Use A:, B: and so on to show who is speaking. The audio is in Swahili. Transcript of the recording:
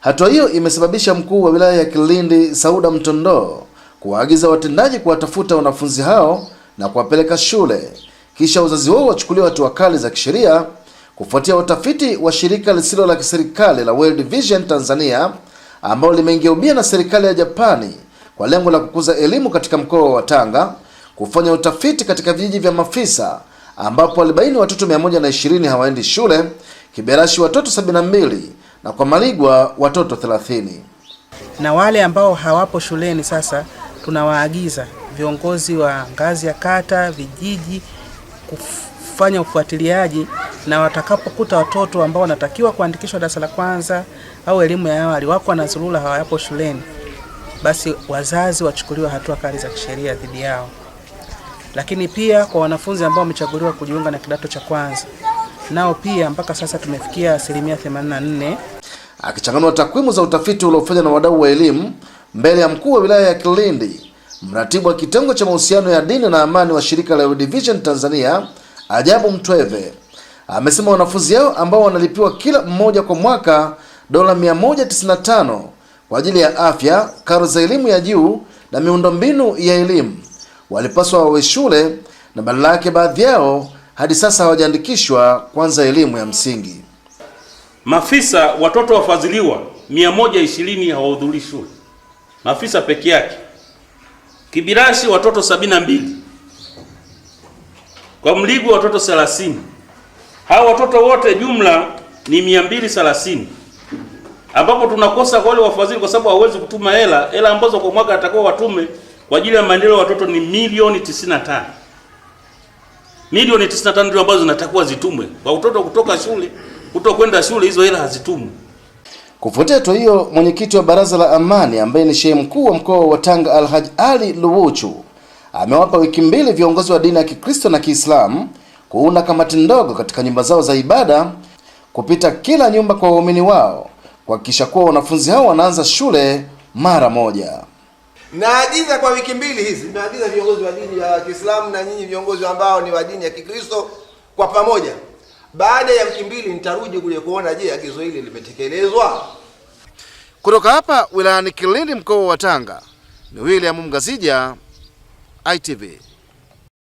A: Hatua hiyo imesababisha mkuu wa wilaya ya Kilindi Sauda Mtondoo kuwaagiza watendaji kuwatafuta wanafunzi hao na kuwapeleka shule, kisha wazazi wao wachukuliwa hatua kali za kisheria kufuatia utafiti wa shirika lisilo la kiserikali la World Vision Tanzania ambalo limeingia ubia na serikali ya Japani kwa lengo la kukuza elimu katika mkoa wa Tanga kufanya utafiti katika vijiji vya Mafisa ambapo walibaini watoto 120 hawaendi shule, Kiberashi watoto 72 na kwa Maligwa watoto 30.
B: Na wale ambao hawapo shuleni sasa tunawaagiza viongozi wa ngazi ya kata, vijiji kufanya ufuatiliaji na watakapokuta watoto ambao wanatakiwa kuandikishwa darasa la kwanza au elimu ya awali wako wanazurura hawayapo shuleni, basi wazazi wachukuliwe hatua kali za kisheria dhidi yao. Lakini pia kwa wanafunzi ambao wamechaguliwa kujiunga na kidato cha kwanza, nao pia mpaka sasa tumefikia asilimia 84.
A: Akichanganua takwimu za utafiti uliofanywa na wadau wa elimu mbele ya mkuu wa wilaya ya Kilindi, mratibu wa kitengo cha mahusiano ya dini na amani wa shirika la World Vision Tanzania, Ajabu Mtweve, amesema wanafunzi hao ambao wanalipiwa kila mmoja kwa mwaka dola 195 kwa ajili ya afya, karo za elimu ya juu na miundombinu ya elimu walipaswa wawe shule na badala yake baadhi yao hadi sasa hawajaandikishwa kwanza elimu ya msingi. Mafisa watoto wafadhiliwa 120 hawahudhuri shule, mafisa peke yake. Kibirashi watoto 72, kwa Mligu watoto 30. Hao watoto wote jumla ni 230, ambapo tunakosa wale wafadhili kwa sababu hawezi kutuma hela, hela ambazo kwa mwaka atakuwa watume kwa ajili ya maendeleo watoto ni milioni 95, milioni 95 ndio ambazo zinatakiwa zitumwe kwa utoto kutoka shule kutokwenda shule, hizo hela hazitumwi. Kufuatia hatua hiyo, mwenyekiti wa baraza la amani ambaye ni shehe mkuu wa mkoa wa Tanga Alhaji Ali Luwuchu amewapa wiki mbili viongozi wa dini ya Kikristo na Kiislamu kuunda kamati ndogo katika nyumba zao za ibada kupita kila nyumba kwa waumini wao kuhakikisha kuwa wanafunzi hao wanaanza shule mara moja. Naagiza kwa wiki mbili hizi, naagiza viongozi wa dini ya Kiislamu na nyinyi viongozi ambao ni wa dini ya Kikristo, kwa pamoja baada ya wiki mbili nitarudi kule kuona, je, agizo hili limetekelezwa. Kutoka hapa wilayani Kilindi, mkoa wa Tanga, ni William mgazija ITV.